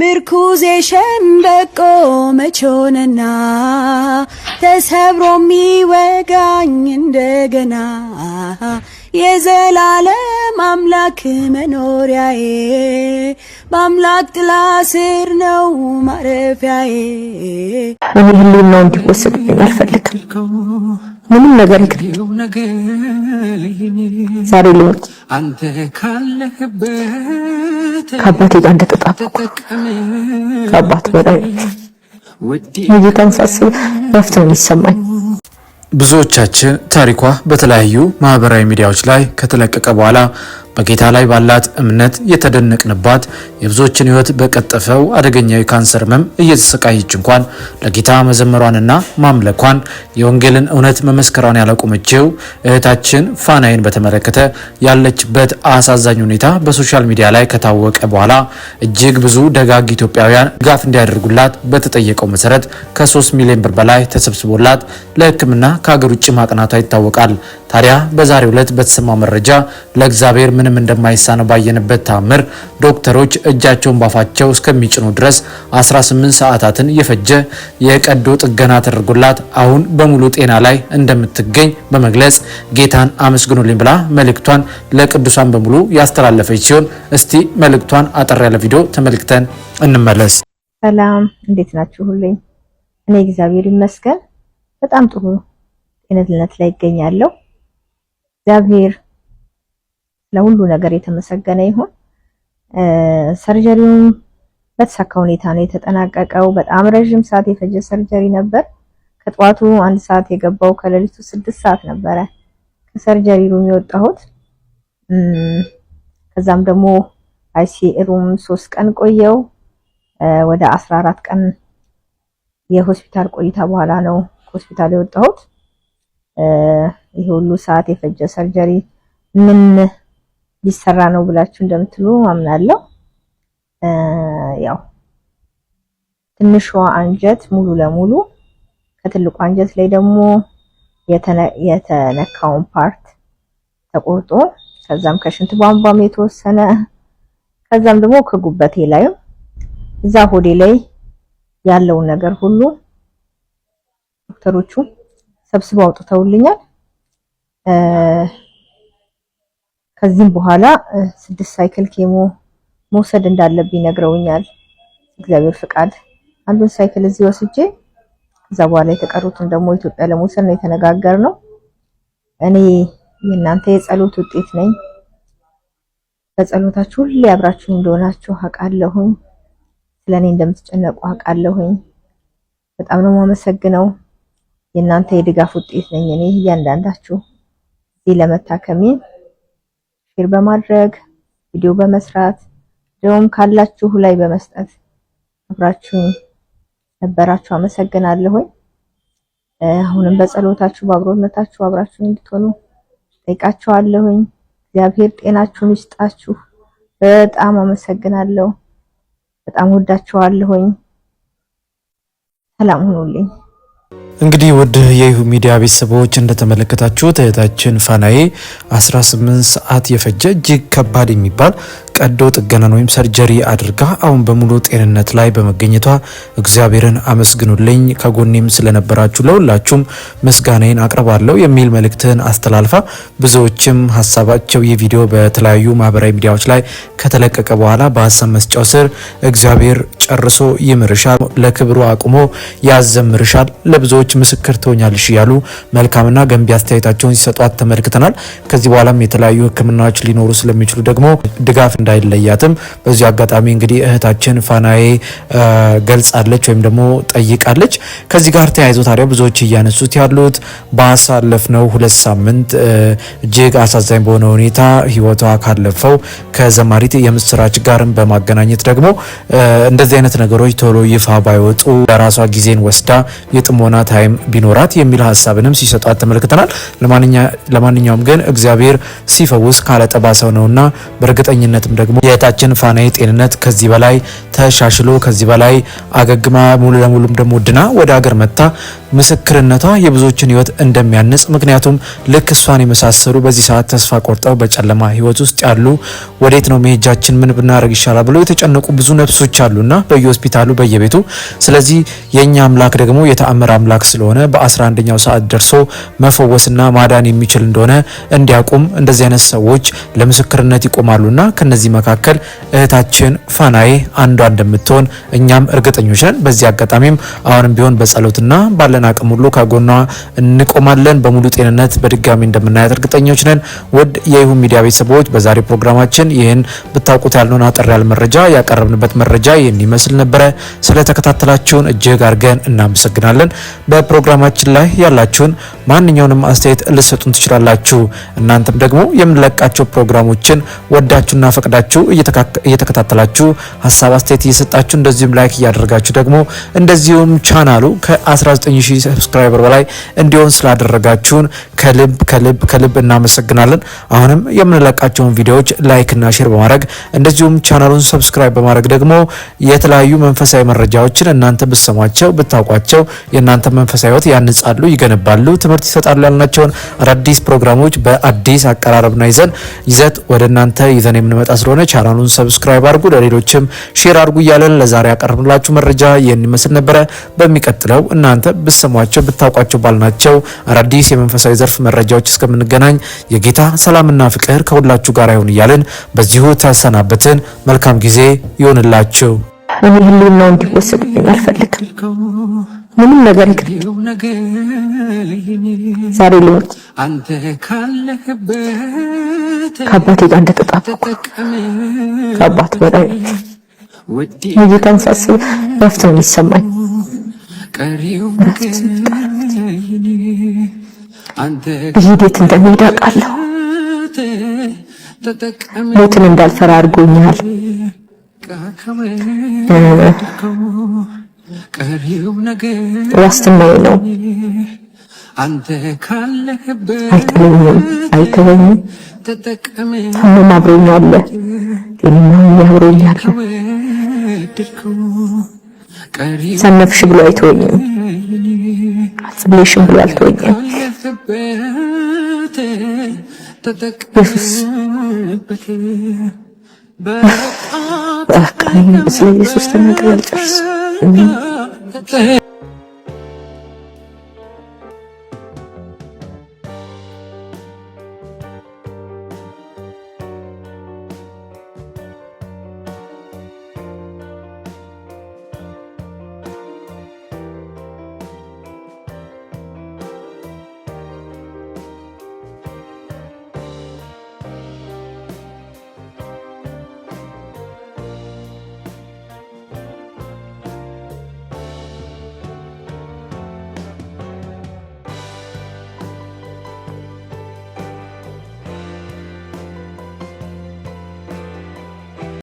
ምርኩዜ ሸምበቆ መቾንና ተሰብሮ የሚወጋኝ እንደገና የዘላለም አምላክ መኖሪያዬ በአምላክ ጥላ ስር ነው ማረፊያዬ። እኔ ህሊናው እንዲወሰድብኝ አልፈልግም። ምንም ነገር ዛሬ ልሙት አንተ ካለህበት ከአባቴ ጋር እንደተጣበኩ ከአባት በላይ ይህ ቀን ሳስብ ረፍት ነው የሚሰማኝ። ብዙዎቻችን ታሪኳ በተለያዩ ማህበራዊ ሚዲያዎች ላይ ከተለቀቀ በኋላ በጌታ ላይ ባላት እምነት የተደነቅንባት የብዙዎችን ህይወት በቀጠፈው አደገኛዊ ካንሰር ህመም እየተሰቃየች እንኳን ለጌታ መዘመሯንና ማምለኳን የወንጌልን እውነት መመስከሯን ያላቆመችው እህታችን ፋናይን በተመለከተ ያለችበት አሳዛኝ ሁኔታ በሶሻል ሚዲያ ላይ ከታወቀ በኋላ እጅግ ብዙ ደጋግ ኢትዮጵያውያን ድጋፍ እንዲያደርጉላት በተጠየቀው መሰረት ከ3 ሚሊዮን ብር በላይ ተሰብስቦላት ለሕክምና ከሀገር ውጭ ማቅናቷ ይታወቃል። ታዲያ በዛሬው ዕለት በተሰማው መረጃ ለእግዚአብሔር ምን ምንም እንደማይሳነው ባየንበት ታምር ዶክተሮች እጃቸውን ባፋቸው እስከሚጭኑ ድረስ 18 ሰዓታትን የፈጀ የቀዶ ጥገና ተደርጎላት አሁን በሙሉ ጤና ላይ እንደምትገኝ በመግለጽ ጌታን አመስግኑልኝ ብላ መልእክቷን ለቅዱሳን በሙሉ ያስተላለፈች ሲሆን እስቲ መልእክቷን አጠር ያለ ቪዲዮ ተመልክተን እንመለስ። ሰላም እንዴት ናችሁ? ሁሉኝ እኔ እግዚአብሔር ይመስገን በጣም ጥሩ ጤንነት ላይ ይገኛለሁ። እግዚአብሔር ለሁሉ ነገር የተመሰገነ ይሁን። ሰርጀሪውም በተሳካ ሁኔታ ነው የተጠናቀቀው። በጣም ረዥም ሰዓት የፈጀ ሰርጀሪ ነበር። ከጠዋቱ አንድ ሰዓት የገባው ከሌሊቱ ስድስት ሰዓት ነበረ ከሰርጀሪ ሩም የወጣሁት። ከዛም ደግሞ አይሲ ሩም ሶስት ቀን ቆየው። ወደ አስራ አራት ቀን የሆስፒታል ቆይታ በኋላ ነው ከሆስፒታል የወጣሁት። ይህ ሁሉ ሰዓት የፈጀ ሰርጀሪ ምን ሊሰራ ነው ብላችሁ እንደምትሉ አምናለሁ። ያው ትንሿ አንጀት ሙሉ ለሙሉ ከትልቁ አንጀት ላይ ደግሞ የተነካውን ፓርት ተቆርጦ ከዛም ከሽንት ቧንቧም የተወሰነ ከዛም ደግሞ ከጉበቴ ላይ እዛ ሆዴ ላይ ያለውን ነገር ሁሉ ዶክተሮቹ ሰብስበው አውጥተውልኛል። ከዚህም በኋላ ስድስት ሳይክል ኬሞ መውሰድ እንዳለብኝ ነግረውኛል። እግዚአብሔር ፍቃድ አንዱን ሳይክል እዚህ ወስጄ ከዛ በኋላ የተቀሩትን ደግሞ ኢትዮጵያ ለመውሰድ ነው የተነጋገር ነው። እኔ የእናንተ የጸሎት ውጤት ነኝ። በጸሎታችሁ ሁሌ አብራችሁ እንደሆናችሁ አውቃለሁኝ። ስለኔ እንደምትጨነቁ አውቃለሁኝ። በጣም ነው የማመሰግነው። የእናንተ የድጋፍ ውጤት ነኝ እኔ እያንዳንዳችሁ እዚህ ለመታከሜ ሼር በማድረግ ቪዲዮ በመስራት እንደውም ካላችሁ ላይ በመስጠት አብራችሁ ነበራችሁ። አመሰግናለሁ። አሁንም በጸሎታችሁ በአብሮነታችሁ አብራችሁ እንድትሆኑ ጠይቃችኋለሁኝ። እግዚአብሔር ጤናችሁን ይስጣችሁ። በጣም አመሰግናለሁ። በጣም ወዳችኋለሁኝ። ሰላም ሁኑልኝ። እንግዲህ ውድ የይሁ ሚዲያ ቤተሰቦች እንደተመለከታችሁት እህታችን ፋናዬ 18 ሰዓት የፈጀ እጅግ ከባድ የሚባል ቀዶ ጥገናን ወይም ሰርጀሪ አድርጋ አሁን በሙሉ ጤንነት ላይ በመገኘቷ እግዚአብሔርን አመስግኑልኝ፣ ከጎኔም ስለነበራችሁ ለሁላችሁም ምስጋናዬን አቅርባለሁ የሚል መልእክትን አስተላልፋ ብዙዎችም ሀሳባቸው ይህ ቪዲዮ በተለያዩ ማህበራዊ ሚዲያዎች ላይ ከተለቀቀ በኋላ በሀሳብ መስጫው ስር እግዚአብሔር ጨርሶ ይምርሻል፣ ለክብሩ አቁሞ ያዘምርሻል፣ ለብዙዎች ምስክር ትሆኛለሽ እያሉ መልካምና ገንቢ አስተያየታቸውን ሲሰጧት ተመልክተናል። ከዚህ በኋላም የተለያዩ ሕክምናዎች ሊኖሩ ስለሚችሉ ደግሞ ድጋፍ እንዳይለያትም በዚሁ አጋጣሚ እንግዲህ እህታችን ፋናዬ ገልጻለች ወይም ደግሞ ጠይቃለች። ከዚህ ጋር ተያይዞ ታዲያ ብዙዎች እያነሱት ያሉት ባሳለፍነው ሁለት ሳምንት እጅግ አሳዛኝ በሆነ ሁኔታ ህይወቷ ካለፈው ከዘማሪት የምስራች ጋርም በማገናኘት ደግሞ እንደዚህ እንደዚህ አይነት ነገሮች ቶሎ ይፋ ባይወጡ ለራሷ ጊዜን ወስዳ የጥሞና ታይም ቢኖራት የሚል ሀሳብንም ሲሰጧት ተመልክተናል። ለማንኛውም ግን እግዚአብሔር ሲፈውስ ካለጠባሰው ነውና በእርግጠኝነትም ደግሞ የእህታችን ፋናዬ ጤንነት ከዚህ በላይ ተሻሽሎ ከዚህ በላይ አገግማ ሙሉ ለሙሉም ደግሞ ድና ወደ ሀገር መጥታ ምስክርነቷ የብዙዎችን ህይወት እንደሚያንጽ ምክንያቱም ልክ እሷን የመሳሰሉ በዚህ ሰዓት ተስፋ ቆርጠው በጨለማ ህይወት ውስጥ ያሉ ወዴት ነው መሄጃችን፣ ምን ብናደርግ ይሻላል ብለው የተጨነቁ ብዙ ነፍሶች አሉና በየሆስፒታሉ በየቤቱ። ስለዚህ የእኛ አምላክ ደግሞ የተአምር አምላክ ስለሆነ በ11ኛው ሰዓት ደርሶ መፈወስና ማዳን የሚችል እንደሆነ እንዲያቁም እንደዚህ አይነት ሰዎች ለምስክርነት ይቆማሉና ከነዚህ መካከል እህታችን ፋናዬ አንዷ እንደምትሆን እኛም እርግጠኞች ነን። በዚህ አጋጣሚም አሁንም ቢሆን በጸሎትና ባለ ባለን አቅም ሁሉ ከጎኗ እንቆማለን። በሙሉ ጤንነት በድጋሚ እንደምናያት እርግጠኞች ነን። ውድ የይሁን ሚዲያ ቤተሰቦች በዛሬ ፕሮግራማችን ይህን ብታውቁት ያልነውን አጠር ያለ መረጃ ያቀረብንበት መረጃ ይህን ይመስል ነበረ። ስለተከታተላችሁን እጅግ አድርገን እናመሰግናለን። በፕሮግራማችን ላይ ያላችሁን ማንኛውንም አስተያየት ልሰጡን ትችላላችሁ። እናንተም ደግሞ የምንለቃቸው ፕሮግራሞችን ወዳችሁና ፈቅዳችሁ እየተከታተላችሁ ሀሳብ አስተያየት እየሰጣችሁ እንደዚሁም ላይክ እያደረጋችሁ ደግሞ እንደዚሁም ቻናሉ ከ19 ሺህ ሰብስክራይበር በላይ እንዲሆን ስላደረጋችሁን ከልብ ከልብ ከልብ እናመሰግናለን። አሁንም የምንለቃቸውን ቪዲዮዎች ላይክ እና ሼር በማድረግ እንደዚሁም ቻናሉን ሰብስክራይብ በማድረግ ደግሞ የተለያዩ መንፈሳዊ መረጃዎችን እናንተ ብሰማቸው ብታውቋቸው የእናንተ መንፈሳዊ ህይወት ያንጻሉ፣ ይገነባሉ፣ ትምህርት ይሰጣሉ ያልናቸውን አዳዲስ ፕሮግራሞች በአዲስ አቀራረብና ይዘን ይዘት ወደ እናንተ ይዘን የምንመጣ ስለሆነ ቻናሉን ሰብስክራይብ አድርጉ፣ ለሌሎችም ሼር አድርጉ እያለን ለዛሬ ያቀርብላችሁ መረጃ ይህን ይመስል ነበረ። በሚቀጥለው እናንተ ብሰሟቸው ብታውቋቸው ባልናቸው አዳዲስ የመንፈሳዊ ዘርፍ መረጃዎች እስከምንገናኝ የጌታ ሰላምና ፍቅር ከሁላችሁ ጋር ይሁን እያልን በዚሁ ተሰናበትን። መልካም ጊዜ ይሆንላችሁ። እኔ ህሊናው እንዲወሰድብኝ አልፈልግም። ምንም ነገር ዛሬ ልሞት ከአባቴ ጋር እንደተጣበኩ ከአባት በላይ የጌታን ሳስብ ረፍት ነው የሚሰማኝ። ይህ ቤት እንደሚሄድ አውቃለሁ። ሞትን እንዳልፈራ አድርጎኛል። ዋስትናዬ ነው። አይጥለኝም፣ አይተወኝም። ታሞም አብሮኝ አለ። ጤናማ ሰነፍሽ ብሎ አይተወኝም። አጽብሌሽን ብሎ አልተወኝም። ኢየሱስ ስለ ኢየሱስ ተናግሬ አልጨርስም።